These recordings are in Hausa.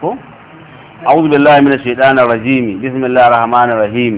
ko أعوذ بالله من الشيطان الرجيم بسم الله الرحمن الرحيم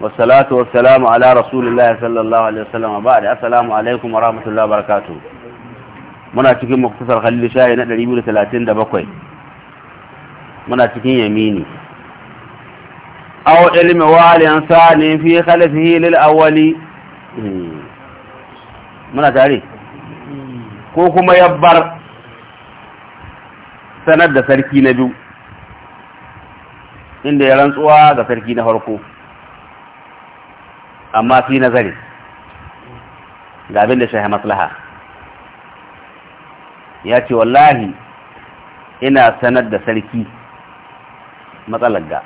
والصلاة والسلام على رسول الله صلى الله عليه وسلم بعد السلام عليكم ورحمة الله وبركاته muna cikin muktasar Khalil Shahi na 237 muna cikin yamini aw ilmi wa al-insani fi khalfihi lil awwali muna tare ko kuma yabbar sanar da sarki na biyu inda ya rantsuwa ga sarki na farko amma fi nazari ga abin da shahi maslaha ya ce wallahi ina sanar da sarki matsalar ga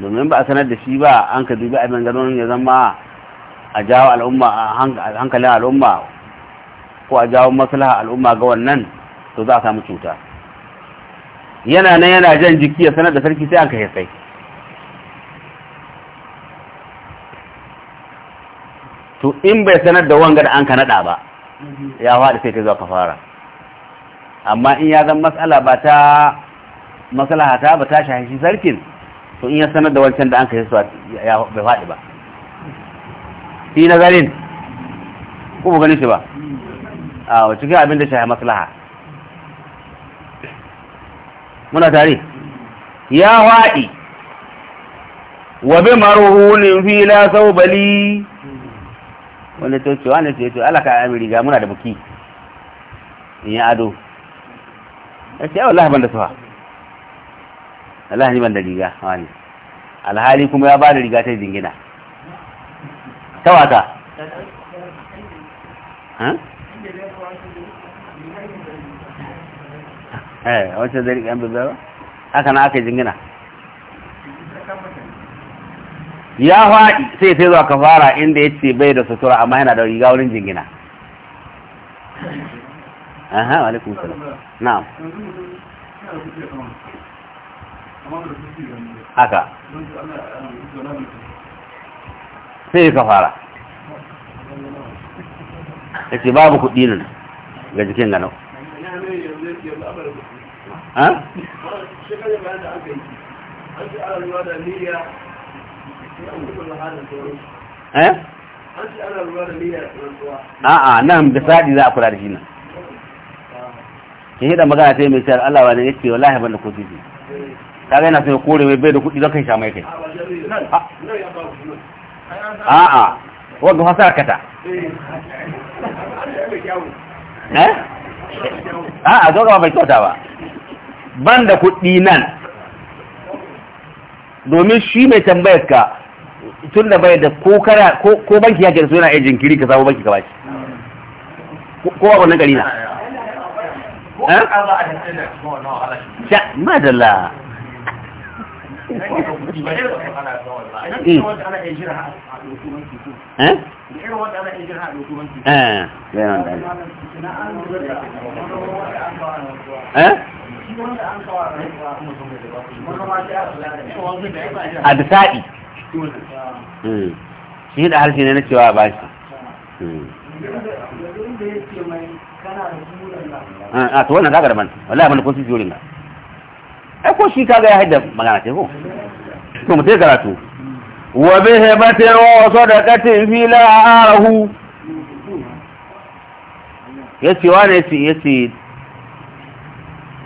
domin ba a sanar da shi ba an ka dubi abin ganin ya zama a jawo al'umma a hankalin al'umma ko a jawo maslaha al'umma ga wannan to za a samu cuta yana nan yana jan jiki ya sanar da sarki sai an kai sai to in bai sanar da wanga da an ka nada ba ya faɗi sai ta zo fara. amma in ya zan matsala ba ta maslaha ta ba ta shahi sarkin to in ya sanar da wancan da an kai sai ya bai faɗi ba fi nazarin ko ba ganin shi ba a cikin abin da shahi maslaha muna tare ya haɗi wa bi marhunin fi la saubali wanda to ce wanda ce to alaka amiri ga muna da buki in ya ado ya ce wallahi ban da suwa Allah ni ban da riga wani alhali kuma ya ba da riga ta jingina ta wata eh wacce zai riƙe bizawa haka na aka yi jingina ya faɗi sai sai zuwa kafara inda ya ce bai da sutura amma yana da riga wurin jingina aha alaikum salam na haka sai kafara ya ce babu kuɗi nan ga jikin ganau ha? eh? a'a nan da za a kula da shi nan ke hida magana ta yi mai sayar Allah wani yake wallahi ban da kofi ne ta gaina sai kore mai bai da kuɗi zan kai sha mai kai a'a wanda fasa kata eh a'a zo gaba bai kyauta ba ban da kuɗi nan domin shi mai tambayar ka tun da bai da ko kara ko banki ya da suna iya jinkiri ka samu banki ka bashi ko eh? a wannan gari na madalla eh a bisaɗi hmm. shi da harshe ne na cewa ba shi a hmm. ah, ah, to wannan zagar man wallahi mana kun sijiyorin na ai ko shi kaga ya haida magana ce ko to mu sai karatu wa bi hibatin wa sadaqatin fi la arahu yace wane yace yace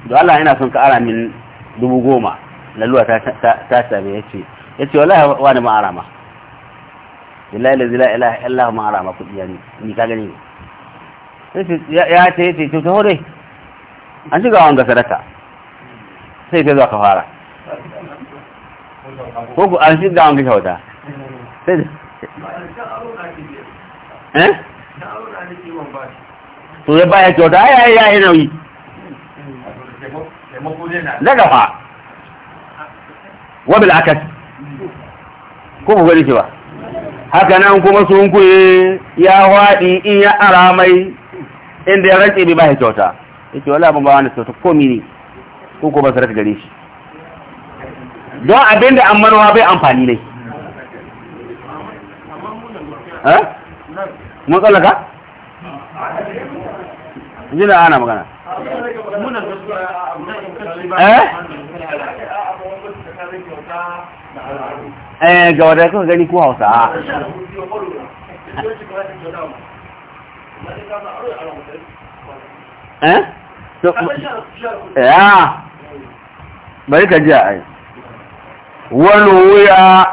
da Allah yana son ka ara min dubu goma lalluwa ta same ya ce ya ce wallahi wa ne ma'ara ma billahi la zila ilaha illahu ma ma kudi ya ni ka gani ya ce ya ce to hore an shiga wanga sadaka sai ta zuwa ka fara ko ku an shiga wanga kyauta sai da eh to ya baya kyauta ai ai ai nauyi na gaba wabil akas ko ku gani cewa haka nan kuma sun kuye ya waɗi in ya aramai inda ya rantse bai ba shi kyauta yake wala ban ba wani kyauta ko mini ko ko ba su gare shi don abinda an manowa bai amfani ne eh? mun tsallaka? jina ana magana Eh? Eh? eh ga wadda kuka gani ko hausa eh ya bari ka ji ai wani wuya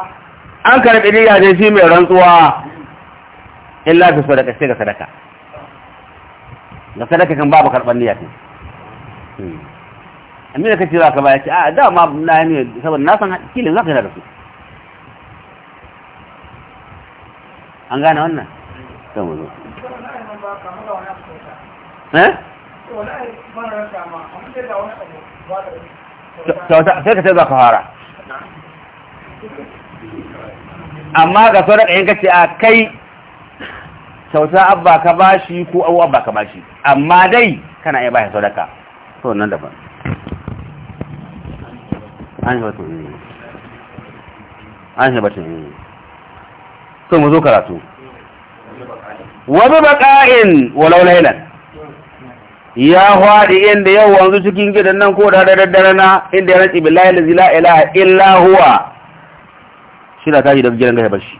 an karɓi niyya ne shi mai rantsuwa in lafi sadaka sai ga sadaka ga sadaka kan babu karɓar niyya ne amma da kace za ba ya ce a dama na ne saboda na san kilin zaka yana da su an gane wannan to mu zo eh? sai ka sai za ka fara amma ga sauran ɗayan kace a kai kyauta abba ka bashi ko abu abba ka bashi amma dai kana iya bashi sadaka to nan daban an yi batun yi an mu zo karatu wani baka'in walau lailan ya haɗi inda yau wanzu cikin gidan nan ko da daddare na inda ya rantsi billahi lazi la ilaha illa huwa shi na tashi da gidan gaba shi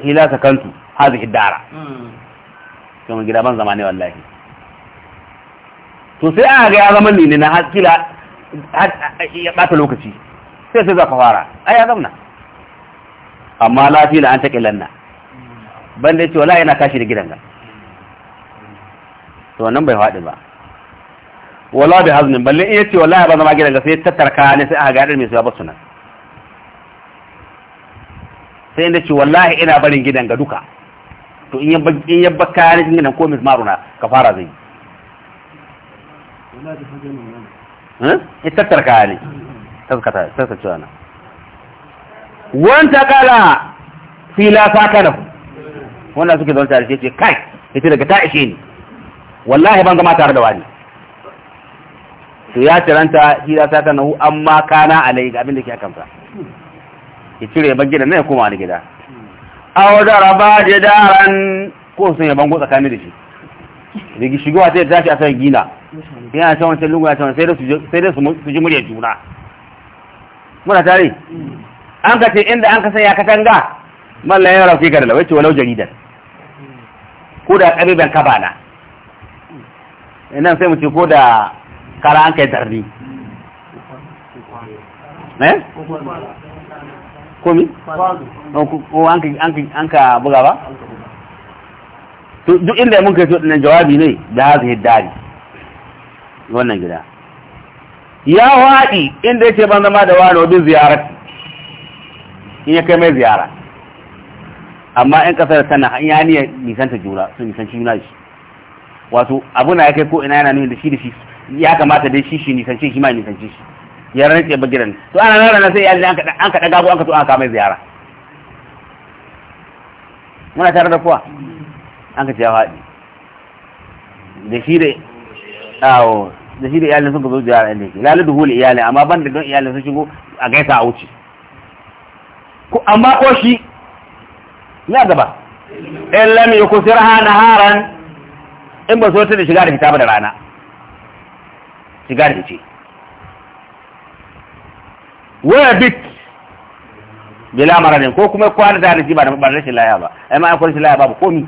hila kantu hazi hiddara kuma gida ban zama ne wallahi to sai a ga ya zama ne na hakila ya ɓata lokaci sai sai za ka fara ai ya zamna amma lafi da an ta na ban da cewa wala yana kashi da gidan ga to nan bai faɗi ba wala bi hazmin balle in yace wala ba zama gidan ga sai tattara kaya ne sai aka ga mai su ba nan sai inda ce wallahi ina barin gidan ga duka to in yabba in yabba kaya ne gidan ko mis maruna ka fara zai wallahi ita tarka ne taskata taskacewa na wanta kala fila sakana wanda suke zaune tare ce kai ita daga ta ishe ni wallahi ban zama tare da wani to ya ciranta hira sakana hu amma na alai ga abin da ke akan sa ya cire ban gidan na ya koma wani gida aw daraba jidaran ko sun yaban go tsakanin da shi da shigowa ta tashi a sai gina yana can wancan lungu ya can sai dai su ji muryar juna muna tare an ka ce inda an ka sanya katanga mallan yana rafi ga dalawai ce walau jaridar ko da ƙabiban kabana nan sai mu ce ko da kara an kai tarni eh komi ko an ka buga ba duk inda mun kai so ɗinan jawabi ne da hazi hiddari wannan gida ya waɗi inda yake ban zama da wani wajen ziyarar in ya kai mai ziyara amma in ƙasar tana an ya niyyar nisanta jura su nisanci juna shi wato abu na ya kai ko ina yana nuna da shi da shi ya kamata dai shi shi nisanci shi ma nisanci shi ya rantse ba gidan to ana nan ranar sai ya ji an kaɗa gabo an ka an kama ziyara muna tare da kuwa an ka ce ya faɗi da shi da awo da shi da iyalin sun ka zo ziyara inda yake lalu duhul iyalin amma ban da don iyalin sun shigo a gaisa a wuce amma ko shi ya gaba in lam yukusir ha naharan in ba so ta da shiga da fita ba da rana shiga da fice waya bit bila maradin ko kuma kwana da shi ba da rashin laya ba ai ma akwai rashin laya ba komi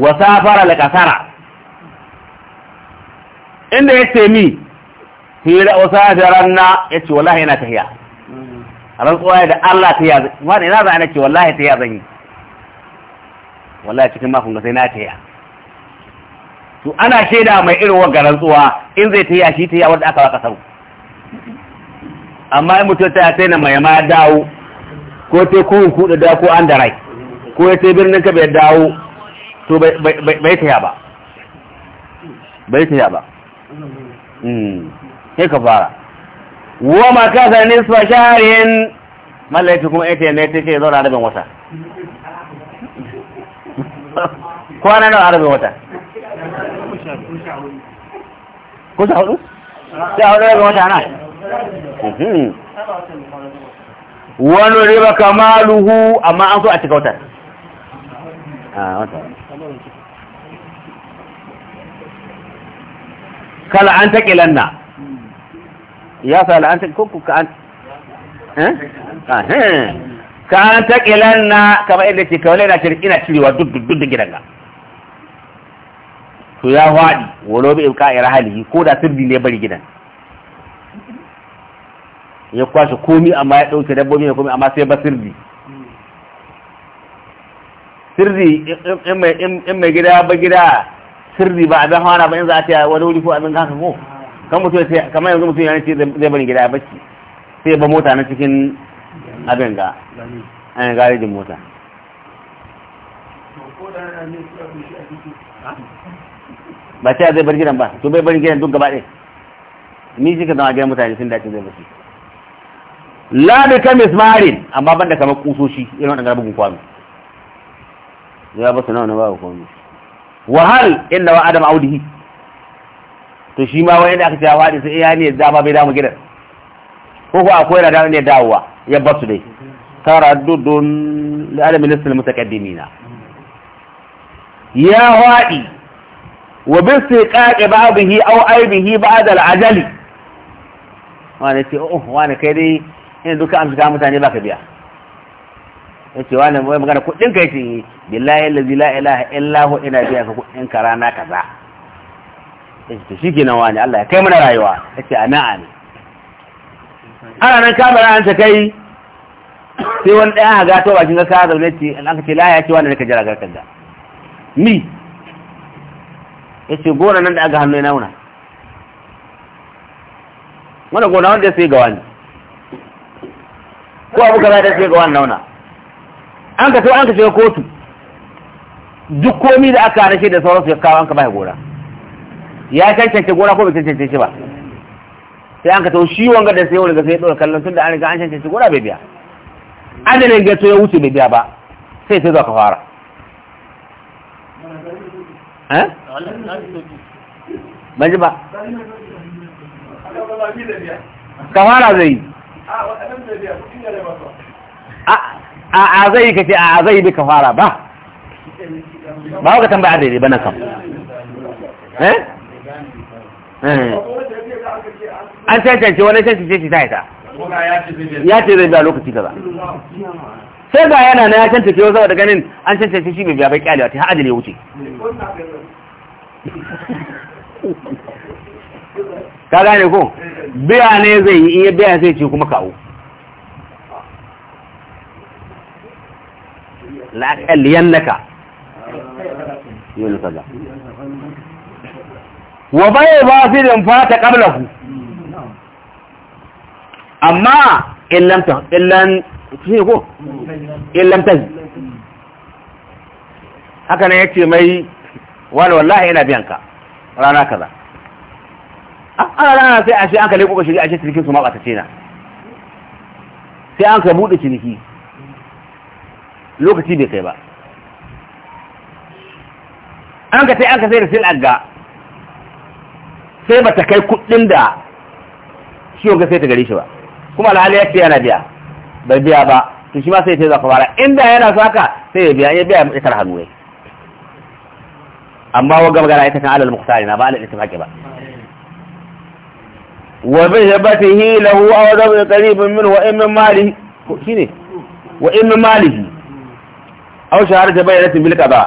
wa safara la kasara inda yace mi hira wa safaranna yace wallahi ina tahiya rantsuwa da Allah ta yaza wani ina za a nace wallahi ta zan yi wallahi cikin makon ga sai na tahiya to ana sheda mai irin wannan rantsuwa in zai tahiya shi tahiya wanda aka waka sau amma in mutum ta sai na mai ma dawo ko te ko kuɗa da ko an da rai ko ya te birnin ka bai dawo to bai taya ba bai taya ba ke hmm. ka fara wa ma kasa nisfa shaharin mallaki kuma ita ne ta ce zauna rabin wata kwana nawa rabin wata kusa hudu? sai hudu rabin wata na hmm. wani riba kamaluhu amma an so a cika wata a ah, wata kala an ta kilanna ya sa la'anta ta kuku ka an eh? Ah, eh. ka an ta kilanna kamar inda ce kawai na shirki na cirewa duk duk gidan ga to ya wadi wolo bi ka ira halihi ko da sirri ne bari gidan ya kwashe komi amma ya ɗauke dabbobi ne komi amma sai ba sirri sirri in mai gida ba gida sirri ba abin hawa ba za a ce wani wuri ko abin kanka ko kan mutum ya kamar yanzu mutum ya ce zai bari gida bacci sai ba mota na cikin abin ga an eh, garejin mota ba ce zai bar gidan ba to bai bar gidan duk gaba ɗaya ni shi ka zama gidan mutane sun dace zai bacci la da kan mismarin amma banda kamar kusoshi irin waɗanda garbin kwano ya ba su nawa na ba ku kwano wahal inda wa adam audihi to shi ma wani da aka cewa faɗi sai ya ne dama bai damu gidan ko ko akwai na damu ne dawowa ya basu dai taraddudun da adam ministan mutaqaddimina ya faɗi wa bi au ai aw aibihi ba al-ajali wani ce oh wani kai dai in duka amsa mutane ba ka biya yace wani mai magana kuɗin ka yace billahi allazi la ilaha illa hu ina biya ka kuɗin ka rana kaza yace to shikenan wani Allah ya kai mana rayuwa yace ana ne ana nan ka an ta kai sai wani ɗaya ga to bakin ga ka zaune ce an aka ce la ya ce wani ka jira garkar da ni yace gona nan da aga hannu ya wuna wani gona wanda ya sai ga wani ko abu ka za da sai ga wani nauna an ka an ka shiga kotu duk komi da aka hana da sauransu ya kawo an ka bai gora ya cancanta gora ko bai cancanta shi ba sai an ka to shi wanga da sai wanda sai ya dora kallon tun da an riga an cancanta gora bai biya adalin gato ya wuce bai biya ba sai sai zuwa ka fara eh? ban ji ba ka fara zai yi ah, a a zai kace a a zai bika fara ba ba ka tambaya daidai ba na kam eh, eh. an cancanci wani sai ce ta ita ya ce zai biya lokaci kaza sai ga yana na ya cancanci wasu da ganin an cancanci shi bai biya bai kyalewa ta hajji ne wuce ka gane ko biya ne zai yi iya biya sai ce kuma kawo la kalliyannaka yunus ba illan haka mai wani wallahi ina biyan ka rana kaza ana rana sai a shi an kalle ko shiri a shi cikin su ma ta ce na sai an ka bude ciniki lokaci bai kai ba an ka sai an ka sai da sai sai ba ta kai kuɗin da shi yau ga sai ta gari shi ba kuma alhali ya fiye yana biya bai biya ba to shi ma sai ta za fara inda yana so haka sai ya biya ya biya ya kar hannu ne amma wa gama gana ita kan alal muktari na ba alal ita ba wa ta yi lahu a dabu qaribun minhu min wa'in min malihi shine min malihi aw shahadata bayyanatin bil qada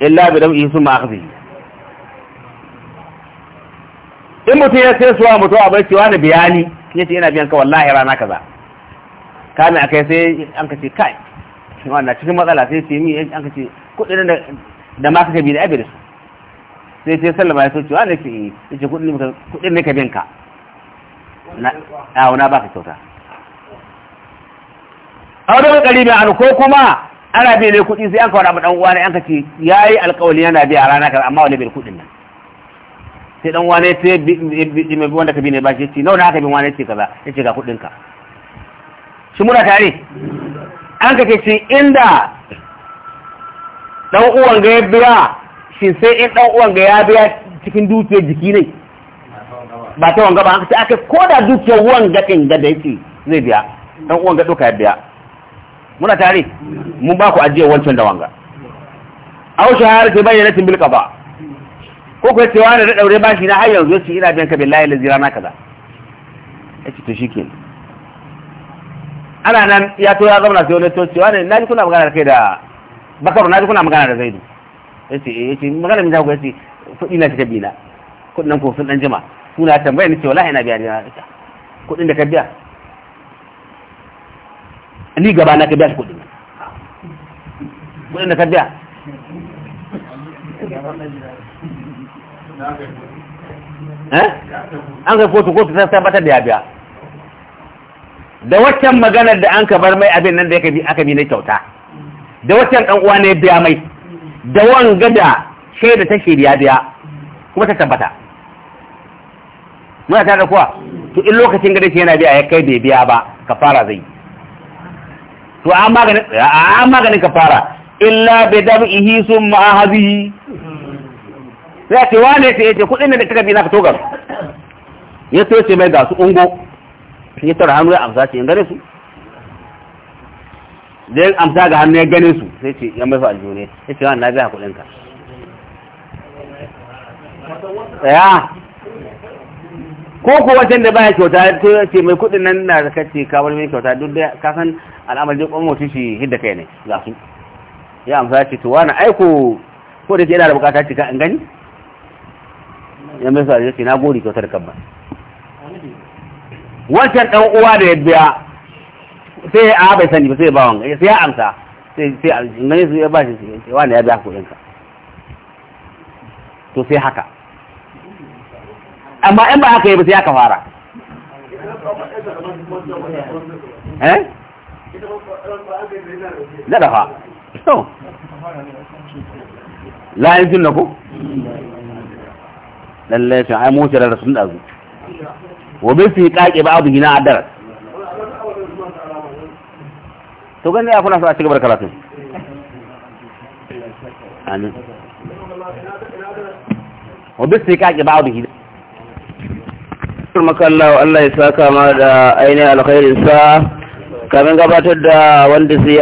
illa bi dam'i thumma akhdhihi in mutum ya sai suwa mutum a bai cewa na bayani ya ce yana biyan ka wallahi rana kaza kame a kai sai an ka ce kai wanda cikin matsala sai ce mi an ka ce kudin da ma bi da su sai ce sallama ya so cewa ne ce ce kudin ne ka ka na wana ba ka kyauta a wani karibi an ko kuma ana bai ne kuɗi sai an kawo ɗan uwa ne an kace ya yi alƙawali yana biya rana kaza amma wani bai kuɗin nan sai ɗan uwa ne sai mai wanda ka bi ne ba shi ce nawa na haka bin wani ce kaza ya ce ga kuɗin ka shi muna tare an kace shi inda ɗan uwan ga ya biya shi sai in ɗan uwan ga ya biya cikin dukiyar jiki ne ba ta wanga ba an kace ko da dukiyar wanga ɗin ga da yake zai biya ɗan uwan ga ɗauka ya biya muna tare mun ba ku ajiyar wancan da wanga aw ke ta bayyana tin bil qada ko ko cewa da da daure bashi na har yanzu yace ina biyan ka billahi la na kaza yace to shikenan ana nan ya to ya na sai wani to cewa ne na kuna magana da kai da bakaru na kuna magana da zaidu yace eh yace magana min za ku yace kudi na kika bi na nan ko sun dan jima kuna tambaya ni ce wallahi ina biya ne kudin da ka biya ni gaba na ka biya shi kudin kudin da ka biya eh? an kai kotu kotu ta tabbatar da ya biya da waccan maganar da an ka bar mai abin nan da aka bi na kyauta da waccan ɗan uwa ne biya mai da wanga da shaida ta shirya biya kuma ta tabbata muna ta da kuwa to in lokacin gada ce yana biya ya kai bai biya ba ka fara zai to an maganin an maganin kafara illa bi dab'ihi summa ahadihi ya ce wane sai ce kudin da kika bi ka togar ya to ce mai ga su ungo ya tara hannu ya amsa ce in gare su da amsa ga hannu ya gane su sai ce ya mai su aljone ya ce wani na biya kudin ka ya ko ko wancan da baya kyauta ta ce mai kudin nan da ka ce ka bar mai kyauta duk da ka san al'amarin da kuma mutum shi hidda kai ne ga su ya amsa ce to wani aiko ko da ke yana da bukata ce ka an gani ya mai sa ce na gori kyautar kabba wancan dan uwa da ya biya sai a bai sani ba sai ba wanga sai ya amsa sai sai an gani su ya ba shi wani ya biya kuɗin ka to sai haka amma in ba haka yi ba sai aka fara eh da dafa so la yin na ko lalle shi ai mu tare sun dazu wa ba fi qaqi ba'd hina adar to gani ya fara su a cikin barkatu amin wa bi fi ba abu gina maka Allah ya saka ma da ainihin alkhairinsa kamin gabatar da wanda sai